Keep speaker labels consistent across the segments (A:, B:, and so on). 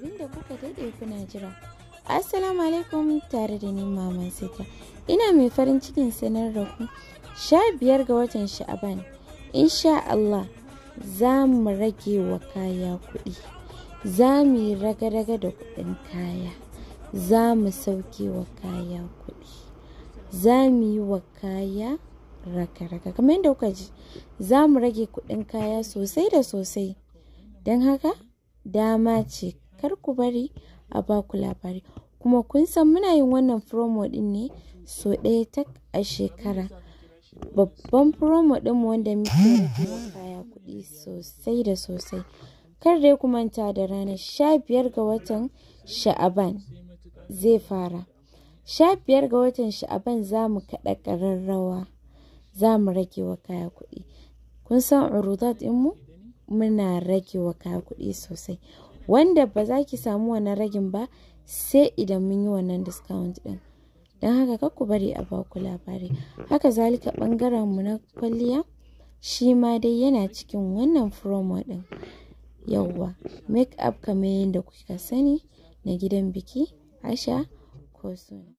A: abinda kuka daɗe kuna jira. Assalamu alaikum tare da ni Maman Sita. Ina mai farin cikin sanar da ku sha biyar ga watan Sha'aban. Insha Allah za mu rage wa kaya kuɗi. Za mu yi raga-raga da kuɗin kaya. Za mu sauke wa kaya kuɗi. Za mu yi wa kaya raga-raga. Kamar yadda kuka ji, za mu rage kuɗin kaya sosai da sosai. Don haka, dama ce kar ku bari a baku ku labari kuma kun san muna yin wannan promo din ne so ɗaya tak a shekara babban promo ɗinmu wanda muke rage kaya kuɗi sosai da sosai kar dai ku manta da ranar sha biyar ga watan sha'aban zai fara sha biyar ga watan sha'aban za mu kaɗa ƙararrawa za mu rage wa kaya kuɗi kun san urudat mu muna rage wa kaya kuɗi sosai wanda ba za ki samu wannan ragin ba sai idan mun yi wannan discount din don haka ka ku bari a baku labari haka zalika bangaren mu na kwalliya shi ma dai yana cikin wannan promo din yauwa make up kamar yadda kuka sani na gidan biki asha ko suna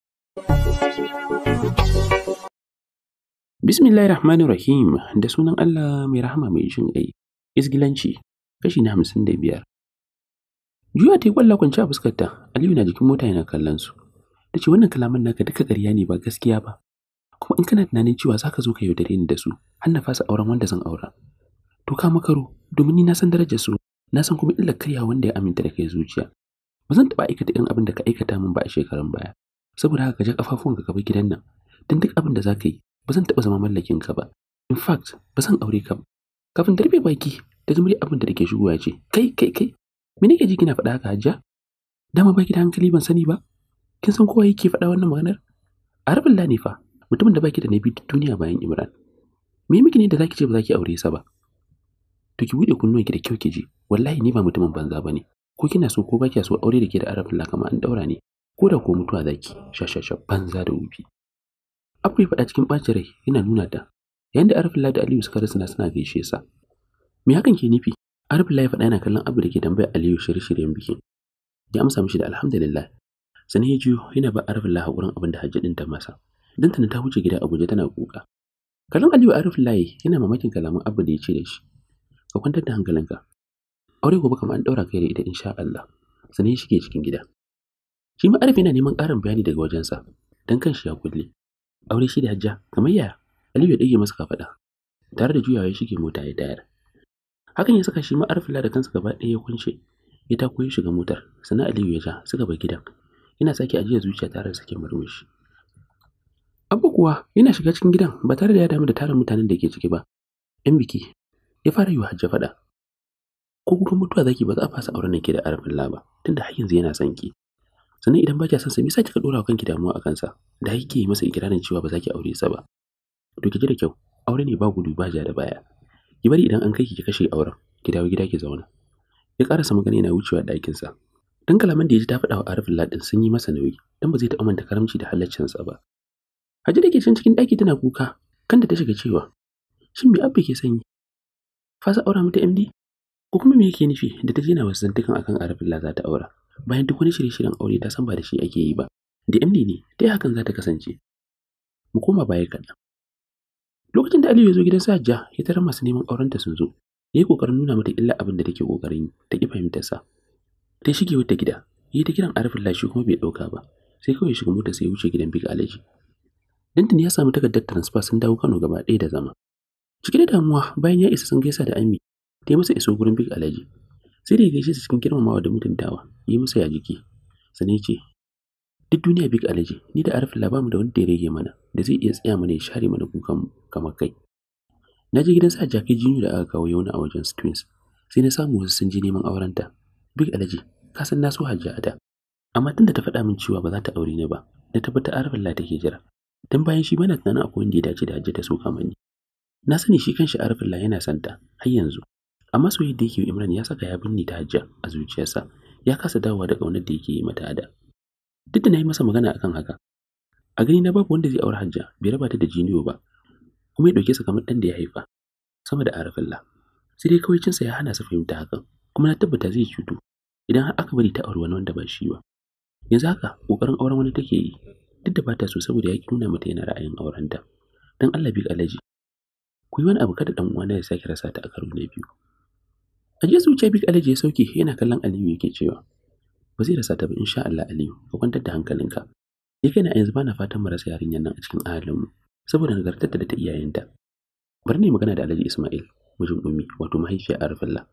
B: Bismillahir Rahmanir Rahim da sunan Allah mai rahama mai jin kai Isgilanci kashi na hamsin da biyar. Juya ta yi kwalla kwanci a fuskarta, Aliyu na jikin mota yana kallon su. Ta ce wannan kalaman naka duka ƙarya ne ba gaskiya ba. Kuma in kana tunanin cewa za ka zo ka yaudare ni da su, har fasa auren wanda zan aura. To ka makaro, domin ni na san darajar su, na san kuma illar karya wanda ya aminta da kai zuciya. Ba zan taɓa aikata irin abin da ka aikata min ba a shekarun baya. Saboda haka ka ja ƙafafuwan ka bi gidan nan. Dan duk abin da za ka yi, ba zan taɓa zama mallakin ka ba. In fact, ba zan aure ka ba. Kafin darbe baki, ta ji abin da take shigowa ce, kai kai kai, me nake ji kina faɗa haka hajja dama ki da hankali ban sani ba kin san kowa yake faɗa wannan maganar arabin ne fa mutumin da baki da nabi duniya bayan imran me miki ne da zaki ce ba zaki aure sa ba to ki bude kunnuwanki da kyau ki ji wallahi ni ba mutumin banza bane ko kina so ko baki so aure da ke da arabin kama an daura ne ko da ko mutuwa zaki shashasha banza da wufi abu faɗa cikin ɓacin rai yana nuna ta yayin da arafin da aliyu suka rasa suna gaishe sa me hakan ke nufi Arif Lai faɗa yana kallon abu da ke tambayar Aliyu shirye-shiryen bikin. Ya amsa mishi da alhamdulillah. Sani ya jiyo yana ba Arif Lai haƙurin abin da Hajji ɗin ta masa. Dantana ta wuce gida Abuja tana kuka. Kallon Aliyu Arif Lai yana mamakin kalaman abu da ya ce da shi. Ka kwantar da hankalinka. Aure gobe kamar an ɗaura kai da ita insha Allah. Sani ya shige cikin gida. Shi ma Arif yana neman ƙarin bayani daga wajensa. Dan kanshi ya kulle. Aure shi da Hajja kamar yaya? Aliyu ya ɗage masa kafaɗa. Tare da juyawa ya shige mota ya tayar. hakan ya saka shi ma arfila da kansa gaba ɗaya ya kunshe ya tako ya shiga motar sana aliyu ya ja suka bar gidan yana sake ajiya zuciya tare da sake murmushi abu kuwa yana shiga cikin gidan ba tare da ya damu da tarin mutanen da ke ciki ba yan biki ya fara yiwa hajja faɗa ko kuka mutuwa zaki ba za a fasa auren ke da arfin laba tunda har yanzu yana son ki sannan idan baki san son sa me yasa kika dora wa kanki damuwa a kansa, da kike yi masa ikirarin cewa ba za ki aure sa ba to kike da kyau aure ne ba gudu ba ja da baya ki bari idan an kai ki ki kashe auren ki dawo gida ki zauna ya karasa magana yana wucewa sa dan kalaman da ya ji ta faɗa wa arifin ladin sun yi masa nauyi dan ba zai taɓa manta karamci da sa ba haji da ke can cikin ɗaki tana kuka da ta shiga cewa shin me abba ke sanyi fasa aura mata md ko kuma me yake nufi da ta jina wasu zantukan akan arifin za ta aura bayan duk wani shirye-shiryen aure ta san ba da shi ake yi ba da md ne ta yi hakan za ta kasance mu koma baya kaɗan lokacin da aliyu ya zo gidan sa ja ya tarar masu neman aurenta sun zo ya yi ƙoƙarin nuna mata illa abin da take kokarin yi ta ƙi sa. ta shige wata gida ya yi ta kiran arafin lashi kuma bai ɗauka ba sai kawai shiga mota sai ya wuce gidan big alaji dantin ya samu takardar transfer sun dawo kano gaba ɗaya da zama cike da damuwa bayan ya isa sun gaisa da ami ta yi masa iso gurin big alaji sai da ya gaishe su cikin girmamawa da mutuntawa yi masa ya jiki sannan ce duk duniya big alaji ni da arifin labamu da wanda ya rage mana da zai iya tsaya mana ya share mana kukan kamar kai na je gidan sa jakai jinu da aka kawo yauna a wajen twins sai na samu wasu sun je neman aurenta big alaji ka san na so hajji a da amma tun da ta faɗa min cewa ba za ta aure ni ba na tabbata arifin la take jira dan bayan shi bana tunanin akwai wanda ya dace da hajji ta so kamar ni na sani shi kanshi arifin la yana santa har yanzu amma soyayyar da yake Imran ya saka ya binne ta hajja a zuciyarsa ya kasa dawowa da kaunar da yake yi mata da duk da na yi masa magana a kan haka a gani na babu wanda zai aure hajja bai raba ta da jiniyo ba kuma ya ɗauke sa kamar ɗan da ya haifa sama da arafilla sai dai kawai cinsa ya hana sa fahimta hakan kuma na tabbata zai cutu idan har aka bari ta aure wani wanda ba shi ba yanzu haka ƙoƙarin auren wani take yi duk da bata so saboda ya ki nuna mata yana ra'ayin aurenta dan Allah bi alaji ku yi wani abu kada dan uwana ya sake rasa ta a karo na biyu a su zuciya bi alaji ya sauke yana kallon Aliyu yake cewa ba zai rasa ta ba insha Allah Aliyu ka kwantar da hankalinka ni kaina a yanzu bana fatan mu yarinyar nan a cikin mu. saboda na zartar da ta iyayenta bari ne magana da Alhaji Ismail mijin ummi wato mahaifiyar Na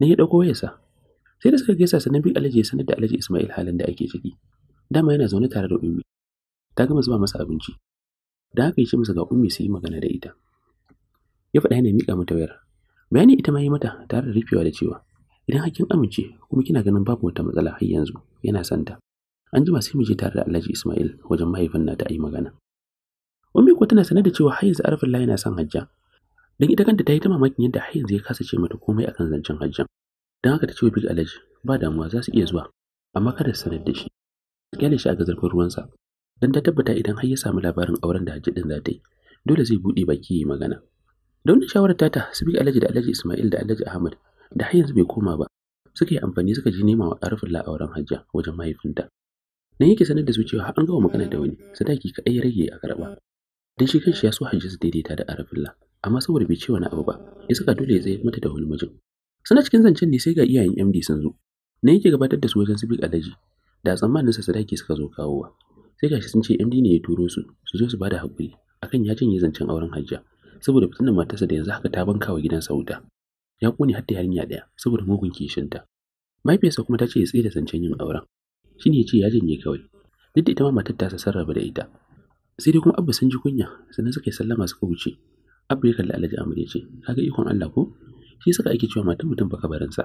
B: ne ya dauko wayarsa sai da suka gaisa sannan bi Alhaji ya sanar da Alhaji Ismail halin da ake ciki dama yana zaune tare da ummi ta gama zuba masa abinci da haka ya ce masa ga ummi su yi magana da ita ya faɗa yana miƙa mata wayar bayani ita ma yi mata tare da rufewa da cewa idan kin amince kuma kina ganin babu wata matsala har yanzu yana santa an jima sai mu je tare da Alhaji Ismail wajen mahaifin na ta yi magana Ummi ko tana sanar da cewa har yanzu Allah yana son hajja dan ita kanta ta yi ta mamakin yadda har yanzu ya kasa ce mata komai akan zancen hajja. dan haka ta ce wa Big Alhaji ba damuwa za su iya zuwa amma kada su sanar da shi kyale shi a gazarfin ruwansa dan ta tabbata idan har ya samu labarin auren da Hajji din za ta yi dole zai buɗe baki yi magana. Da wannan shawarar tata, Sibik Alhaji da Alhaji Ismail da Alhaji Ahmad da har yanzu bai koma ba suka yi amfani suka ji nema wa arfin auren hajja wajen mahaifinta nan yake sanar da su cewa an gama magana da wani sadaki ka ya rage a karɓa dan shi kanshi ya so hajji su daidaita da la' amma saboda bai ce wani abu ba ya saka dole ya mata da wani mijin suna cikin zancen ne sai ga iyayen MD sun zo nan yake gabatar da su wajen su bi alaji da tsammanin sa sadaki suka zo kawowa sai gashi sun ce MD ne ya turo su su zo su bada hakuri akan ya janye zancen auren hajja saboda fitinan matarsa da yanzu haka ta banka wa gidansa wuta ya kone da yarinya ɗaya saboda mugun kishin ta. mahaifiyarsa kuma ta ce ya tsira zancen yin auren shi ne ya ce ya janye kawai duk da ita ma matar tasa sarrafa da ita sai dai kuma abba sun ji kunya sannan suka yi sallama suka wuce abba ya kalli alhaji amur ya ce kaga ikon allah ko shi suka ake cewa matan mutum baka sa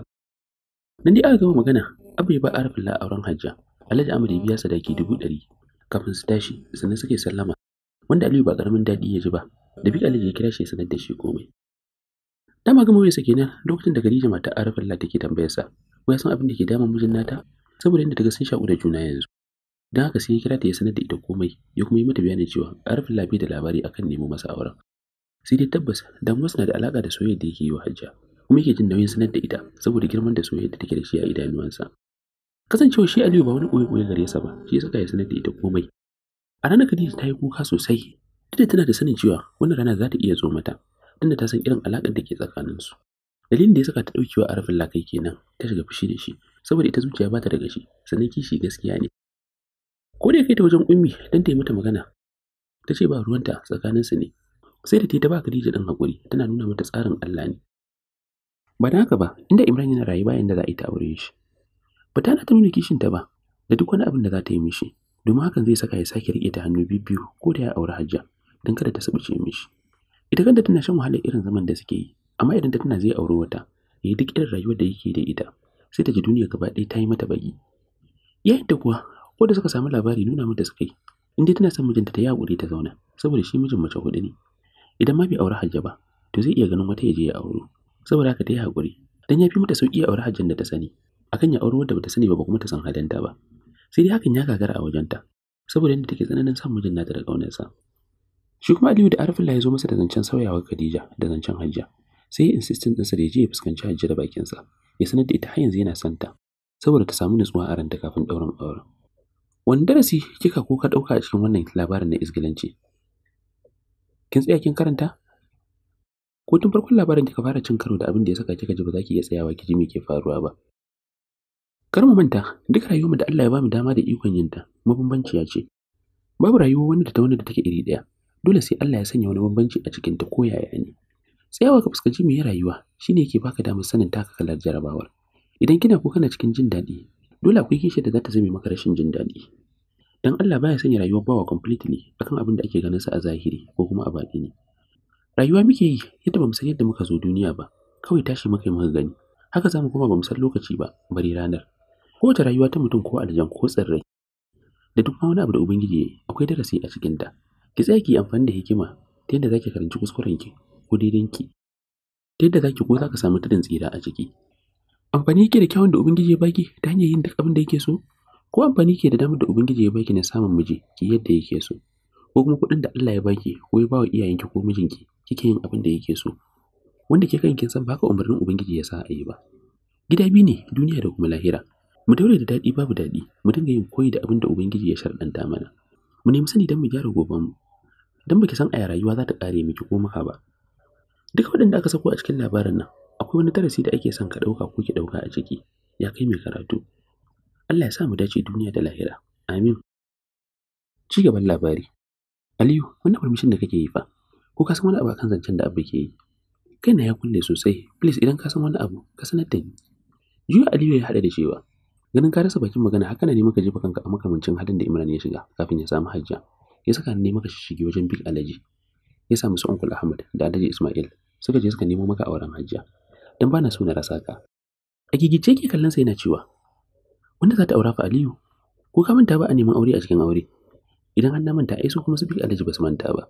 B: nan dai aka gama magana abba ya ba arafin la auren hajja alhaji amur ya biya sadaki dubu ɗari kafin su tashi sannan suka yi sallama wanda aliyu ba karamin daɗi ya ji ba da bi alhaji ya kira shi ya sanar da shi komai ma ga mawuyarsa kenan lokacin da Khadija matar Allah take tambayar sa ko ya san abin da ke damun mijin nata saboda inda daga sun shaƙu da juna yanzu dan haka sai ya kira ta ya sanar da ita komai ya kuma yi mata bayanin cewa Allah bai da labari akan nemo masa auren sai dai tabbas dan wasu na da alaka da soyayya da yake yi wa Hajja kuma yake jin nauyin sanar da ita saboda girman da soyayya da take da shi a idanuwansa kasancewa shi Aliyu ba wani koyi-koyi gare sa ba shi saka ya sanar da ita komai a ranar Khadija ta yi kuka sosai duk da tana da sanin cewa wannan rana za ta iya zo mata tunda ta san irin alaƙar da ke tsakaninsu dalilin da ya saka ta ɗaukewa a rafin lakai kenan ta shiga fushi da shi saboda ita zuciya ba ta da gashi sannan kishi gaskiya ne ko da ya kai ta wajen ummi don ta yi mata magana ta ce ba ruwanta tsakaninsu ne sai da ta yi ta ba Khadija ɗan haƙuri tana nuna mata tsarin Allah ne ba da haka ba inda Imran yana rayuwa yanda za a yi ta aure shi ba ta ta nuna ta ba da duk wani abin da za ta yi mishi domin hakan zai saka ya sake riƙe ta hannu biyu ko da ya aure hajja don kada ta sabuce mishi ita kanta tana shan wahalar irin zaman da suke yi amma idan ta tana zai auri wata yayi duk irin rayuwar da yake da ita sai ta ji duniya gaba ɗaya ta yi mata baki da kuwa ko da suka samu labari nuna mata suka yi in dai tana son mijinta ta hakuri ta zauna saboda shi mijin mace hudu ne idan ma bai aure hajja ba to zai iya ganin wata ya je ya auro saboda haka ta yi hakuri, dan ya fi mata sauƙi aure hajjan da ta sani akan ya aure wanda bata sani ba ba kuma ta san halinta ba sai dai hakan ya gagara a wajenta saboda yadda take tsananin son mijin nata da ƙaunarsa Shi kuma Aliyu da Arifullah ya zo masa da zancen sauyawa Khadija da zancen Hajja. Sai ya insistin ɗinsa da ya je ya fuskanci Hajja da bakinsa, ya sanar da ita har yanzu yana santa, saboda ta samu nutsuwa a ranta kafin ɗaurin aure. Wani darasi kika ko ka ɗauka a cikin wannan labarin na isgilanci? Kin tsaya kin karanta? Ko tun farkon labarin kika fara cin karo da abin da ya saka kika ji ba za ki iya tsayawa ki ji me ke faruwa ba. Kar mu manta, duk rayuwarmu da Allah ya bamu dama da ikon yin yinta, mabambanciya ce. Babu rayuwa wanda ta wanda da take iri ɗaya, dole sai Allah ya sanya wani bambanci a cikin ta ko yaya ne tsayawa ka fuskanci mai rayuwa shine yake baka damar sanin taka kalar jarabawar idan kina ko kana cikin jin daɗi dole akwai kishi da za ta zame maka rashin jin daɗi dan Allah baya sanya rayuwar bawa completely akan abin da ake ganin sa a zahiri ko kuma a baɗi ne rayuwa muke yi yadda bamu san yadda muka zo duniya ba kawai tashi muka yi muka gani haka za zamu koma bamu san lokaci ba bari ranar kowace rayuwa ta mutum ko aljan ko tsirrai da duk wani abu da ubangiji akwai darasi a cikin ta ki tsaya ki amfani da hikima ta yadda zaki karanci kuskuren ki ko daidan ki ta yadda zaki ko zaka samu tudun tsira a ciki amfani yake da kyawun da ubangiji ya baki ta hanyar yin duk abin da yake so ko amfani yake da damar da ubangiji ya baki na samun miji ki yadda yake so ko kuma kuɗin da Allah ya baki ko ya bawa iyayenki ko mijinki kike yin abin da yake so wanda ke kan kin san baka umarnin ubangiji ya sa a yi ba gida biyu ne duniya da kuma lahira mu daure da daɗi babu daɗi mu dinga yin koyi da abin da ubangiji ya sharɗanta mana mu nemi sani don mu gyara gobanmu don baki san a rayuwa za ta ƙare miki ko maka ba duk waɗanda aka sako a cikin labarin nan akwai wani darasi da ake son ka ɗauka ko ki ɗauka a ciki ya kai mai karatu Allah ya sa mu dace duniya da lahira amin ci gaban labari Aliyu wannan permission da kake yi fa ko ka san wani abu akan zancen da abu ke yi kai na ya kulle sosai please idan ka san wani abu ka sanar da ni juya Aliyu ya haɗa da cewa ganin ka rasa bakin magana haka ne muka jefa kanka a makamancin halin da Imran ya shiga kafin ya samu hajja ya saka ne maka shige wajen big alaji ya samu su uncle ahmad da alaji ismail suka je suka nemo maka auren hajiya dan bana so na rasa ka a gigice ke kallon sa yana cewa wanda za ta aura fa aliyu ko ka manta ba a neman aure a cikin aure idan an namanta manta ai su kuma su big alaji ba su manta ba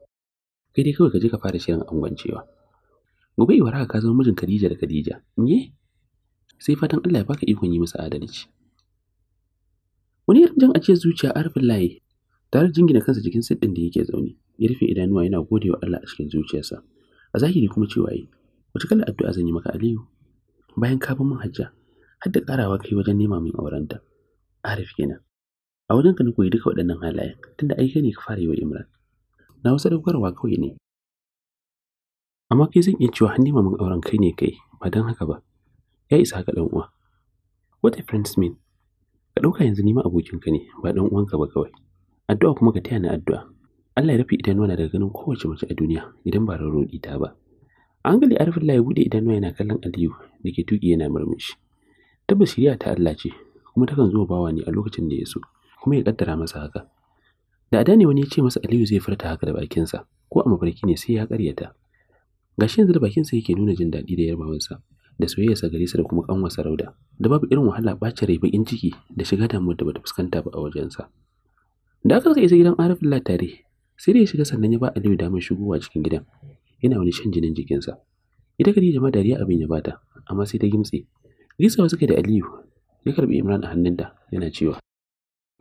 B: kai dai kawai ka je ka fara shirin angwancewa gobe iwara ka zama mijin Khadija da Khadija ne sai fatan Allah ya baka ikon yi masa adalci wani irin jan ajiye zuciya arfin layi Tare da jingina kansa cikin siddin da yake zaune, ya rufe idanuwa yana gode wa Allah a cikin zuciyarsa. A zahiri kuma cewa yi, wata kallon addu'a zan yi maka Aliyu. Bayan ka bi min hajja, har da ƙarawa kai wajen nema min aurenta. Arif kenan. A wajen ka na koyi duka waɗannan halayen, tunda aika ne ka fara yi wa Imran. Na wasu ɗaukarwa kawai ne. Amma kai zan iya cewa har nema min auren kai ne kai, ba don haka ba. Ya isa haka ɗan uwa. What a friends mean. Ka ɗauka yanzu nima ka ne, ba ɗan uwanka ba kawai. Addu'a kuma ka taya addu'a. Allah ya rufe idanuwana daga ganin kowace mace a duniya idan ba rarroɗi ta ba. A hankali Arifullah ya buɗe idanuwa yana kallon Aliyu da ke tuƙi yana murmushi. Tabbas shiriya ta Allah ce kuma takan zo bawa ne a lokacin da ya so kuma ya kaddara masa haka. Da da ne wani ya ce masa Aliyu zai furta haka da bakinsa ko a mafarki ne sai ya karyata. Gashi yanzu da bakinsa yake nuna jin daɗi da yarbawansa da sa gare sa da kuma kanwa sarauda da babu irin wahala bace rai bakin ciki da shiga damuwar da bata fuskanta ba a wajensa. da aka saka isa gidan arifullah tare sai da ya shiga sannan ya ba aliyu damar shigowa cikin gidan yana wani shan jinin jikinsa ita kadi ma dariya abin ya bata amma sai ta gimtse gisawa suka da aliyu ya karbi imran a hannunta yana cewa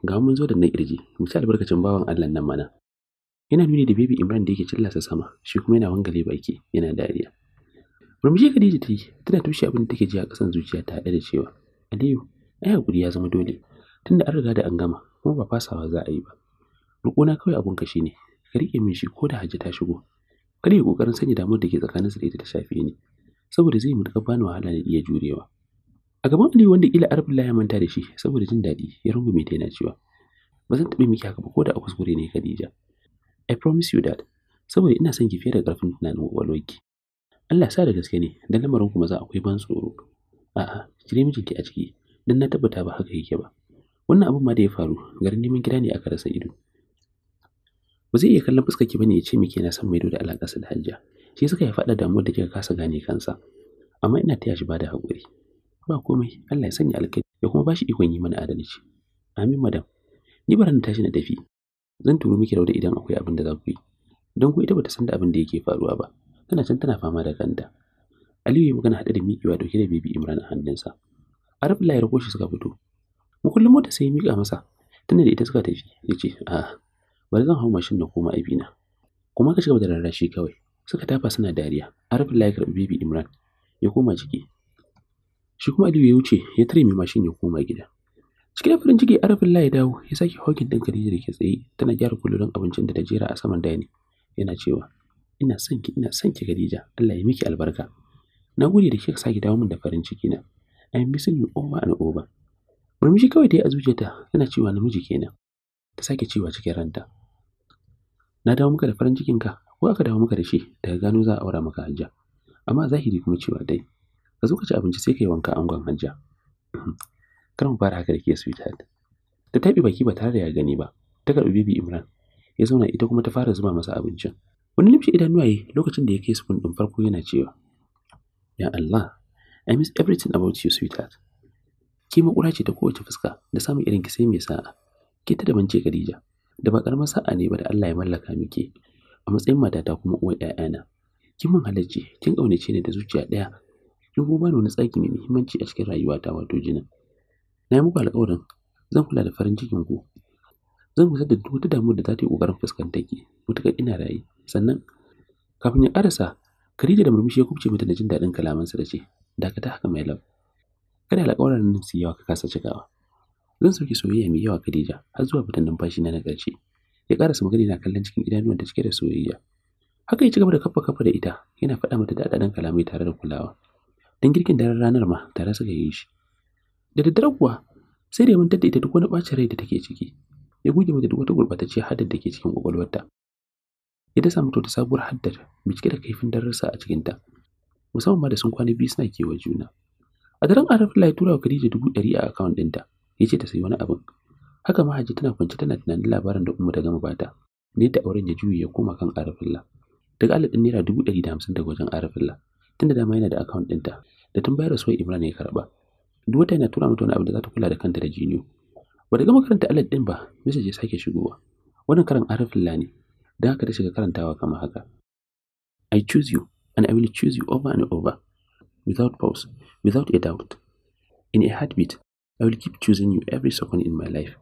B: ga mun zo da nan mu ci albarkacin bawan allah nan mana yana nuni da bebi imran da yake cillasa sama shi kuma yana wangale baki yana dariya murmushi khadija ta yi tana tushe abin da take ji a ƙasan zuciya ta haɗe da cewa aliyu ai hakuri ya zama dole tunda an riga da an gama kuma ba fasawa za a yi ba roƙona kawai abun ka ne. ka riƙe min shi ko da hajji ta shigo kada ya ƙoƙarin sanya damar da ke su da ita ta shafe ni saboda zai mutuƙar bani wahala na iya jurewa a gaban Ali wanda kila arabullah ya manta da shi saboda jin daɗi ya rungume ta yana cewa ba zan taɓa miki haka ba ko da a kuskure ne khadija i promise you that saboda ina son ki fiye da ƙarfin tunanin ƙwaƙwalwarki. Allah sa da gaske ne, dan lamarin kuma za akwai ban tsoro. A'a, kire mijinki a ciki, don na tabbata ba haka yake ba. wannan abin ma da ya faru garin neman gida ne aka rasa ido ba zai iya kallon fuskar ki bane ya ce miki yana son maido da sa da hajja shi suka ya faɗa damuwar da kika kasa gane kansa amma ina taya shi bada haƙuri ba komai Allah ya sanya alkai ya kuma bashi ikon yi mana adalci amin madam ni na tashi na tafi zan turo miki rauda idan akwai abin da za ku yi don ko ita bata san da abin da yake faruwa ba tana can tana fama da kanta Aliyu ya magana haɗe da miƙewa dauke da bibi Imran a hannunsa. Arab Layar Koshi suka fito, makullin mota sai ya miƙa masa tunda da ita suka tafi ya ce a'a bari zan hau mashin na koma abina kuma ka shiga da rarrashi kawai suka tafa suna dariya arafin ya karɓi baby imran ya koma ciki shi kuma aliyu ya wuce ya tare mai mashin ya koma gida cikin farin ciki arafin ya dawo ya sake hawkin ɗin khadija da ke tsaye tana gyara kullurin abincin da ta jera a saman dani yana cewa ina son ki ina son ki khadija allah ya miki albarka na gode da kika sake dawo min da farin ciki na i am missing you over and over murmushi kawai ta yi a zuciyarta yana cewa namiji kenan ta sake cewa cikin ranta na dawo muka da farin cikinka ko aka dawo muka da shi daga gano za a aura maka hajja amma zahiri kuma cewa dai ka zo ka ci abinci sai ka yi wanka angon hajja hmm, kar mu fara haka da ke sweetheart ta taɓe baki ba tare da ya gani ba ta karɓi bibi imran ya zauna ita kuma ta fara zuba masa abincin wani limshi idanuwa lokacin da ya kai spoon ɗin farko yana cewa ya Allah I miss everything about you sweetheart Ke makura ce ta kowace fuska da samun irin ki sai mai sa'a. Ke ta da bance Khadija. Da ba karamar sa'a ne ba da Allah ya mallaka miki. A matsayin matata kuma uwar ‘ya'yana. Kin mun halarci, kin kaunace ni da zuciya ɗaya. Kin kuma bani wani tsaki mai muhimmanci a cikin rayuwata wato jinin. Na yi muku alƙawarin zan kula da farin cikin ku. Zan kusa da duk wata damuwa da za ta yi ƙoƙarin fuskantar ki, mutuƙar ina raye. Sannan kafin ya ƙarasa Khadija da murmushi ya kubce mata da jin daɗin kalamansa da ce, Dakata haka mai lab. kada alƙawarin nan su yawa ka kasa cikawa zan sauke soyayya mai yawa Khadija har zuwa fitan numfashi na na ƙarshe ya karasa magana yana kallon cikin da cike da soyayya haka ya ci gaba da kafa kafa da ita yana faɗa mata da ɗaɗɗan kalamai tare da kulawa dan girkin daren ranar ma tare suka yi shi da daddare kuwa sai da ya da ita duk wani ɓacin rai da take ciki ya goge mata duk wata gurɓatacciyar hada da ke cikin ƙwaƙwalwarta ya dasa mata wata sabuwar haddar mai cike da kaifin dararsa a cikinta musamman ma da sun kwana biyu suna kewa juna a daren arafin ya tura wa khadija dubu ɗari a akawun ɗinta ya ce ta sayi wani abin haka ma tana kwance tana tunanin labarin da umar ta gama bata ne ta auren ya juye ya koma kan arafilla daga alaɗin naira dubu ɗari da hamsin daga wajen tun tunda dama yana da akawun ɗinta da tun bayar da suwai imran ya karɓa duk wata yana tura mata wani abu da za ta kula da kanta da jiniyo ba daga gama karanta din ɗin ba message ya sake shigowa wannan karan arafilla ne Dan haka ta shiga karantawa kama haka I choose you and I will choose you over and over without pause, without a doubt. In a heartbeat, I will keep choosing you every second in my life.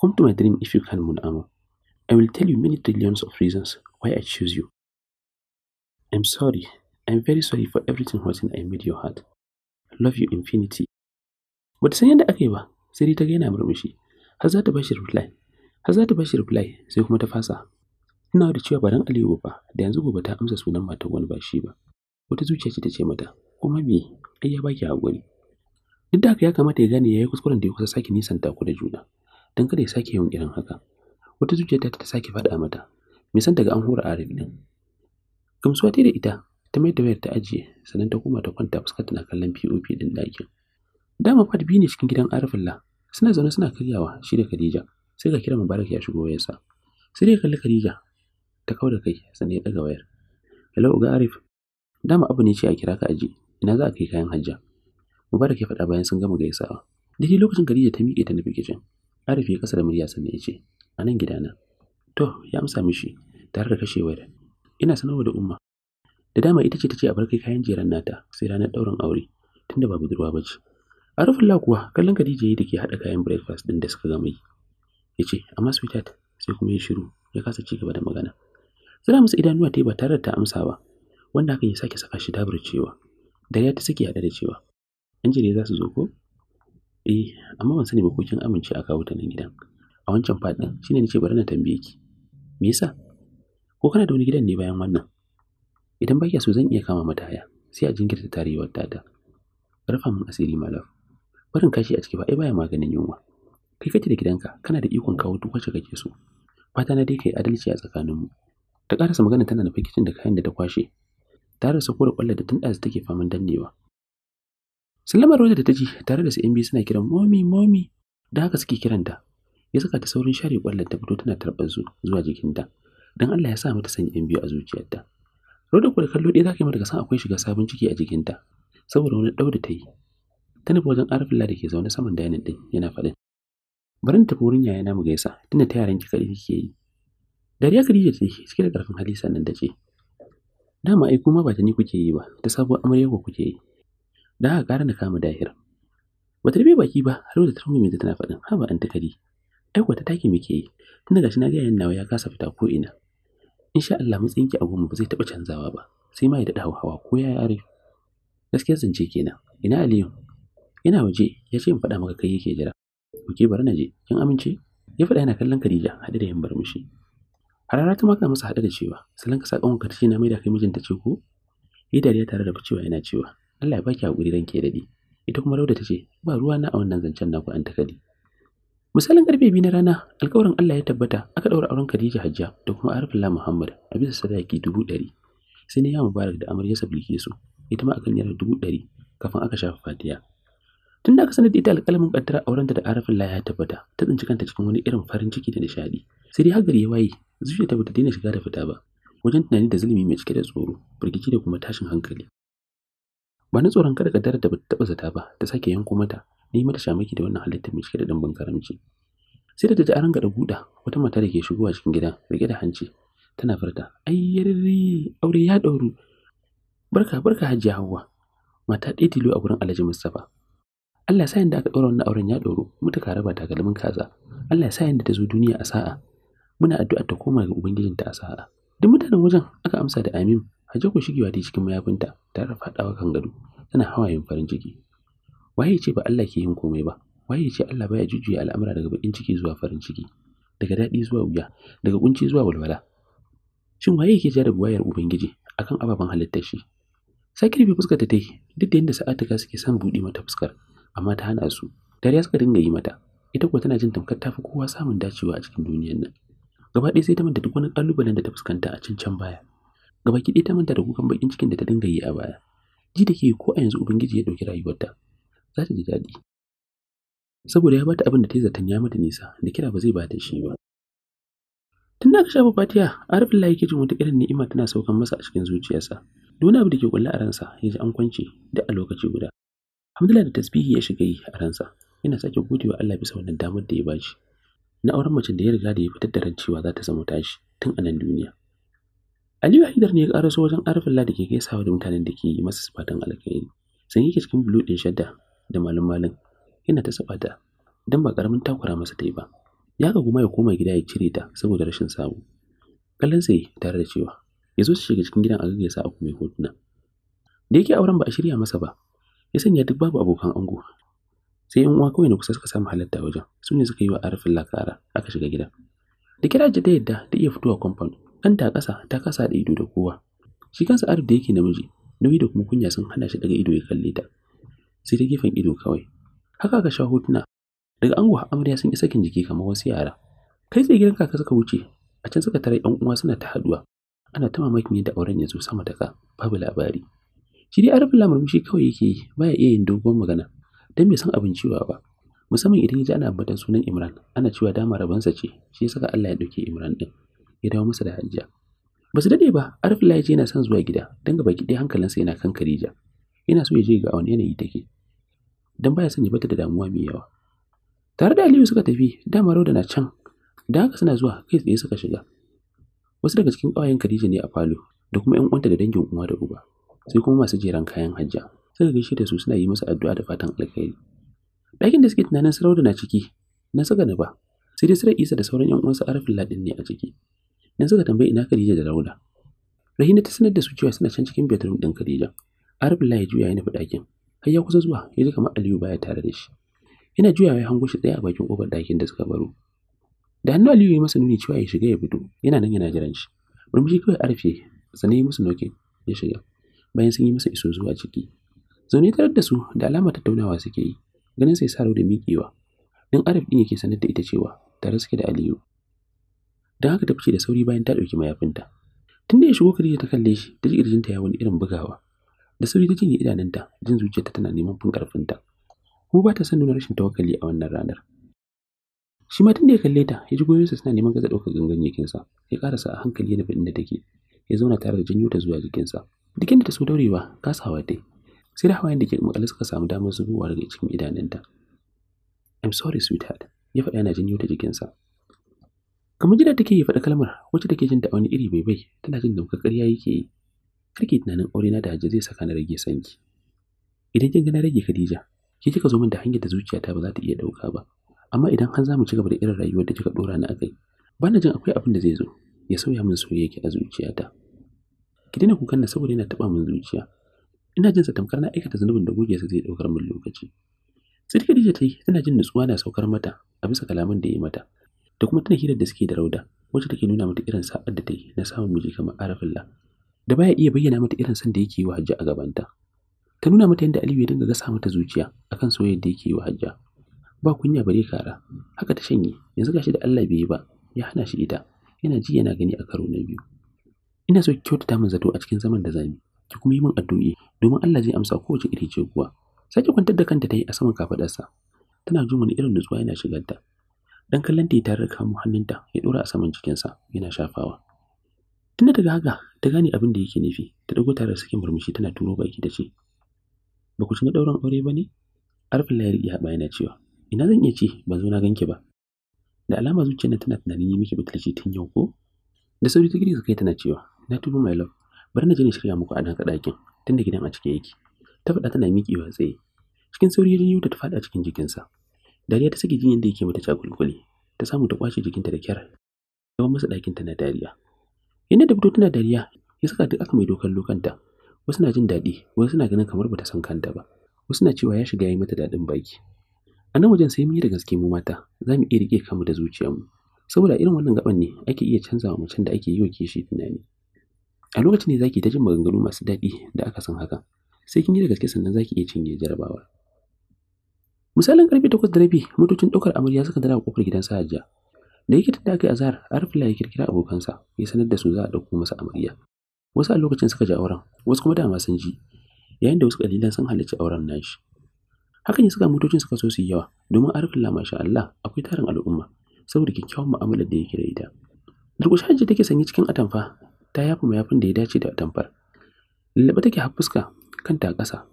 B: Come to my dream if you can, Munamo. I will tell you many trillions of reasons why I choose you. I'm sorry. I'm very sorry for everything hurting I made your heart. Love you infinity. But san yadda aka yi ba, sai dai ta gaina murmushi. bashi reply. Har za ta bashi reply sai kuma ta fasa. Ina da cewa ba dan Aliyu ba, da yanzu gobe ta wata zuciya ce ta ce mata kuma me ai ya baki hakuri duk da haka ya kamata ya gane yayi kuskuren da ya kusa sake nisanta ku da juna dan kada ya sake yin irin haka wata zuciya ta ta sake faɗa mata me san daga an hura arif din gamsuwa ta da ita ta mai da wayar ta ajiye sannan ta koma ta kwanta fuskar tana kallon pop din ɗakin dama fat biyu ne cikin gidan arifullah suna zaune suna karyawa shi da khadija sai ga kira mubarak ya shigo wayarsa sai dai kalli khadija ta kauda kai sannan ya ɗaga wayar hello uga arif dama abu ne ce a kira ka aji ina za a kai kayan hajja mubarak ya faɗa bayan sun gama gaisawa daidai lokacin Khadija ta miƙe ta nufi kicin Arif ya kasa da murya sannan ya ce a nan gidana to ya amsa mishi tare da kashe wayar ina sanarwa da umma da dama ita ce ta ce a bar kai kayan jeran nata sai ranar ɗaurin aure tunda ba budurwa ba ce a rufin kuwa kallon Khadija yi da ke haɗa kayan breakfast ɗin da suka gama yi ya ce amma sweetheart sai kuma ya shiru ya kasa ci gaba da magana zira musu idanuwa ta yi ba tare da ta amsa ba wanda hakan ya sake saka shi dabar cewa dariya ta sake haɗe da cewa an jire za su zo ko eh amma ban sani ba ko amince a kawo ta nan gidan a wancan faɗin shine nace bari na tambaye ki me yasa ko kana da wani gidan ne bayan wannan idan baki so zan iya kama mata haya sai a jinkirta tarewar tata rufa min asiri malam barin kashi a ciki ba ai baya maganin yunwa kai kace da gidanka kana da ikon kawo duk wacce kake so fata na dai kai adalci a tsakaninmu ta karasa magana tana da fakitin da kayan da ta kwashe tare da sako da da tun ɗazu take faman dannewa. Sallamar Roja da ta ji tare da su ‘yan biyu suna kiran momi momi da haka suke kiranta ya saka ta saurin share kwallon ta fito tana tarbar su zuwa jikinta don Allah ya sa mata sanya ‘yan biyu a zuciyarta. Roda kuwa da kallo ɗaya za ka yi mata san akwai shiga sabon ciki a jikinta saboda wani ɗau da ta yi. Ta nufi wajen Arafillah da ke zaune saman dainin ɗin yana faɗin. Bari na tafi wurin yayana mu gaisa tunda ta yaran ki kaɗai kike yi. Dariya Khadija ce cike da ƙarfin hali sannan ta ce dama ai kuma ba ta ni kuke yi ba ta sabuwar amarya ku kuke yi da haka ƙara na kama dahir ba ta rufe baki ba har da tarmi mai tana faɗin haba an takari ai ta take muke yi tunda gashi na ga nawa ya kasa fita ko ina insha Allah matsayin ki a mu ba zai taɓa canzawa ba sai ma ya daɗa hawa ko ya yare gaskiya zance kenan ina Aliyu ina waje ya ce in faɗa maka kai yake jira oke bari na je kin amince ya faɗa yana kallon Khadija haɗe da yin barmishi Harara ta maka masa hada da cewa, "Salon ka sakon ka tace na mai da kai mijinta ce ko?" Yi dariya tare da ficewa yana cewa, "Allah ya baki haƙuri ranke daɗi." Ita kuma Rauda ta ce, "Ba ruwa na a wannan zancen naku an kadi." Misalin karfe biyu na rana, alkawarin Allah ya tabbata aka ɗaura auren Khadija Hajja da kuma Arifullah Muhammad a bisa sadaki dubu ɗari. Sai ne ya mubarak da amaryarsa su, ita ma akan yara dubu ɗari kafin aka shafa fatiya. Tun da aka sanar da ita alƙalamin ƙaddara aurenta da Arifullah ya tabbata, ta tsinci kanta cikin wani irin farin ciki da nishaɗi. Sai dai har gari ya waye, zuciyarta bata daina shiga da fita ba wajen tunani da zulumi mai cike da tsoro firgici da kuma tashin hankali ba na tsoron kada kaddara da bata taba zata ba ta sake yanko mata ne mata shamaki da wannan halitta mai cike da dimbin karamci sai da ta ji an da guda wata mata da ke shigowa cikin gida rike da hanci tana furta ayyarri aure ya dauru barka barka hajiya hawa mata ɗaya tilo a gurin alhaji mustapha Allah ya sa yanda aka ɗora wannan auren ya ɗoro ka raba takalmin kaza Allah ya sa yanda ta zo duniya a sa'a muna addu'a ta koma ga ubangijinta a sa'a duk mutanen wajen aka amsa da amin haje ku shigewa da cikin mayafinta tare da fadawa kan gado tana hawayen farin ciki waye ce ba Allah ke yin komai ba waye ce Allah baya jujjuya al'amura daga bakin ciki zuwa farin ciki daga daɗi zuwa wuya daga kunci zuwa walwala shin waye yake jarabi wayar ubangiji akan ababen halittar shi sakir bi fuskar ta take duk da yadda sa'atuka suke son buɗe mata fuskar amma ta hana su dare suka dinga yi mata ita kuwa tana jin tamkar tafi kowa samun dacewa a cikin duniyar nan gaba ɗaya sai ta manta duk wani ƙalubalen da ta fuskanta a can can baya gaba ki ɗaya ta manta da kukan bakin cikin da ta dinga yi a baya ji da ke ko a yanzu ubangiji ya ɗauki rayuwarta za ta ji daɗi saboda ya bata abin da ta yi zaton ya mata nisa da kira ba zai bata shi ba tun da aka shafa fatiya a layi ke jin wata irin ni'ima tana saukan masa a cikin zuciyarsa duk abu da ke kulle a ransa ya ji an kwance duk a lokaci guda Hamdulillah da tasbihi ya shiga yi a ransa, yana sake wa Allah bisa wannan damar da ya bashi. na auren macen da ya riga da ya fitar da ran cewa za ta zama tashi tun a nan duniya Aliyu Haidar ne ya karaso wajen Arifullah da ke gaisawa da mutanen da ke yi masa sifatan alkhairi sanyi ke cikin bulu ɗin shadda da malin malin yana ta sabata don ba ƙaramin takura masa ta yi ba ya ga kuma ya koma gida ya cire ta saboda rashin samu. kallon sai tare da cewa ya zo su shiga cikin gidan a sa a kuma hotuna da yake auren ba a shirya masa ba ya sanya duk babu abokan ango sai yan uwa kawai ne kusa suka samu halatta wajen su ne suka yi wa arifin lakara aka shiga gida da ji ta yadda ta iya fitowa kwamfan an ta ƙasa ta kasa da ido da kowa shi kansa arif da yake namiji nauyi da kuma kunya sun hana shi daga ido ya kalle ta sai ta gefen ido kawai haka ka sha hotuna daga ango amarya sun yi sakin jiki kamar wasu yara kai tsaye gidan kaka suka wuce a can suka tare yan uwa suna ta haduwa ana ta mamakin yadda auren ya zo sama da ka babu labari shi dai arifin shi kawai yake yi baya iya yin dogon magana dan bai san abin cewa ba musamman idan ya ji ana ambaton sunan Imran ana cewa dama rabansa ce shi saka Allah ya dauke Imran din ya dawo masa da hajjia ba su dade ba Arfila ya yana son zuwa gida don gaba ki hankalinsa yana kan Khadija yana so ya je ga wani yanayi take dan baya son ya bata da damuwa mai yawa tare da Aliyu suka tafi dama Rauda na can da haka suna zuwa kai tsaye suka shiga wasu daga cikin ƙawayen Khadija ne a falo da kuma 'yan uwanta da dangin uwa da uba sai kuma masu jeran kayan hajja suka gaishe da su suna yi masa addu'a da fatan alkhairi ɗakin da suke tunanin sarauda na ciki na suka ba sai dai sarar isa da sauran yan uwansa arafin ladin ne a ciki na suka tambayi ina khadija da rauda rahina ta sanar da su cewa suna can cikin bedroom din khadija arafin ya juya ya nufi ɗakin har ya kusa zuwa ya ji kamar aliyu baya tare da shi yana juyawa ya hango shi tsaye a bakin kofar ɗakin da suka baro da hannu aliyu ya masa nuni cewa ya shiga ya fito yana nan yana jiran shi murmushi kawai arfe sannan ya musu noke ya shiga bayan sun yi masa iso zuwa ciki zaune tarar da su da alama tattaunawa suke yi ganin sai saro da miƙewa don arab ɗin yake sanar da ita cewa tare suke da aliyu don haka ta fice da sauri bayan ta ɗauki mayafinta tun da ya shigo Khadija ta kalle shi ta ji ƙirjinta ya wani irin bugawa da sauri ta cinye idanunta jin zuciyarta tana neman fin ƙarfinta ko ba ta son nuna rashin tawakkali a wannan ranar shi ma tun da ya kalle ta ya ji goyonsa suna neman gaza ɗaukar gangan ya karasa a hankali yana nufi da take ya zauna tare da janyo ta zuwa jikinsa jikin da ta so daurewa kasawa dai sai da hawayen da ke makale suka samu damar zubowa daga cikin idanunta I'm sorry sweetheart ya faɗa yana yau da jikinsa kamar jira take yi faɗa kalmar wacce take jin da wani iri bai bai tana jin da ƙarya yake yi karki tunanin aure na da hajji zai saka na rage sanki idan kin ga na rage Khadija ke kika zo min da hanyar da zuciyata ba za ta iya ɗauka ba amma idan har za mu ci gaba da irin rayuwar da kika ɗora ni akai bana jin akwai abin da zai zo ya sauya min soyayya a zuciyata ki dina kukan na saboda yana taɓa min zuciya ina jin sa tamkar na aikata zunubin da goge sa zai daukar min lokaci sai da ta yi tana jin nutsuwa na saukar mata a bisa kalaman da ya yi mata da kuma tana hirar da suke da rauda wacce take nuna mata irin sa'ar da ta yi na samun miji kamar arafilla da baya iya bayyana mata irin san da yake yi wa hajja a gabanta ta nuna mata yadda aliyu ya dinga gasa mata zuciya akan soyayyar da yake yi wa hajja ba kunya bare kara haka ta shanye yanzu gashi da Allah bai yi ba ya hana shi ita yana ji yana gani a karo na biyu ina so kyautata min zato a cikin zaman da zami ki kuma yi min addu'i domin Allah zai amsa kowace iri ce kuwa sake kwantar da kanta ta yi a saman kafadarsa tana jin wani irin nutsuwa yana shigarta dan kallon ta tare da kamo hannunta ya dora a saman sa yana shafawa tunda daga haka ta gane abin da yake nufi ta dago tare da sakin murmushi tana turo baki ta ce ba ku shiga dauran aure ba ne arfin layar iya haɓa yana cewa ina zan iya ce ban zo na ganki ba da alama zuciyar tana tunanin yi miki butulci tun yau ko da sauri ta girgiza kai tana cewa na tuba my love bari na je ne shirya muku a nan ɗakin tunda gidan a cike yake ta faɗa tana wa tsaye cikin sauri ya ta faɗa cikin jikinsa dariya ta sake jin yadda yake mata cakulkuli ta samu ta kwashe jikinta da kyar ta masa ɗakin na dariya yadda da fito tana dariya ya saka duk aka mai dokan lokanta wasu na jin daɗi wasu na ganin kamar bata san kanta ba wasu na cewa ya shiga ya yi mata daɗin baki a nan wajen sai mun yi da gaske mu mata za mu iya riƙe kanmu da zuciyarmu saboda irin wannan gaban ne ake iya canza wa da ake yi wa kishi tunani a lokacin ne zaki ta jin maganganu masu daɗi da aka san haka sai kin yi da gaske sannan zaki iya cinye jarabawa. misalin karfe takwas da rabi motocin ɗaukar amarya suka dara kofar gidan Hajiya. da yake da aka yi azhar arfila ya kirkira abokansa ya sanar da su za a ɗauko masa amarya wasu a lokacin suka ji auren wasu kuma dama sun ji yayin da wasu kalilan sun halarci auren nashi hakan ya saka motocin suka so su yi yawa domin arfila masha Allah akwai tarin al'umma saboda kyakkyawan mu'amalar da yake da ita Durƙushe take sanye cikin atamfa ta yafa mayafin da ya dace da atamfar lallaɓe take har kanta a ƙasa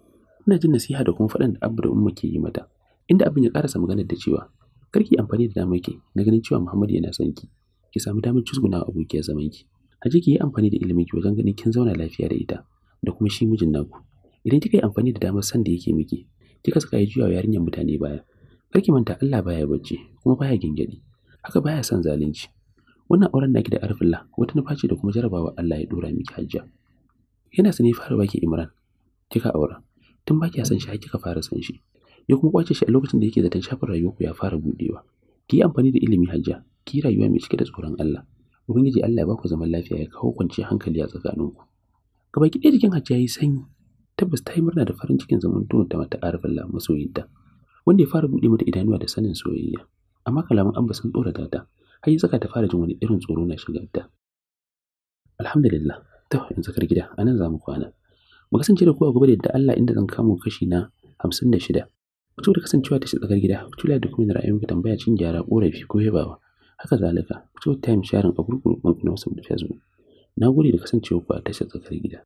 B: ina jin nasiha da kuma faɗan da abu da umma ke yi mata inda abin ya ƙarasa maganar da cewa karki amfani da damar ki na ganin cewa Muhammad yana son ki ki samu damar cizguna abokiyar zaman ki ji ki yi amfani da ilimin ki wajen ganin kin zauna lafiya da ita da kuma shi mijin naku idan kika yi amfani da damar san da yake miki kika saka ya juya yarinyar mutane baya karki manta Allah baya bacci kuma baya gingadi. haka baya son zalunci wannan auren ke da arfilla wata nufa ce da kuma jarabawa Allah ya dora miki hajja yana sani fara baki Imran kika aura tun baki ya san shi kika fara san shi ya kuma kwace shi a lokacin da yake zaton shafin rayuwar ku ya fara budewa ki yi amfani da ilimi hajja ki yi rayuwa mai cike da tsoron Allah ubangiji Allah ya baku zaman lafiya ya kawo kwanciyar hankali a tsakanin tsakaninku Gaba ɗaya jikin hajja ya yi sanyi tabbas ta yi murna da farin cikin zaman ta mata arfilla masoyinta wanda ya fara buɗe mata idanuwa da sanin soyayya amma kalaman abba sun tsorata ta har zaka ta fara jin wani irin tsoro na shiga da alhamdulillah to in zakar gida anan zamu kwana mu kasance da ku a gobe da yadda Allah inda zan kamo kashi na 56 ku da kasancewa ta tsakar gida ku tula da kuma ra'ayoyinku tambaya cin gyara korafi ko yabawa haka zalika ku time sharing a gurgurun na wasu da Facebook na gode da kasancewa ku a tashar tsakar gida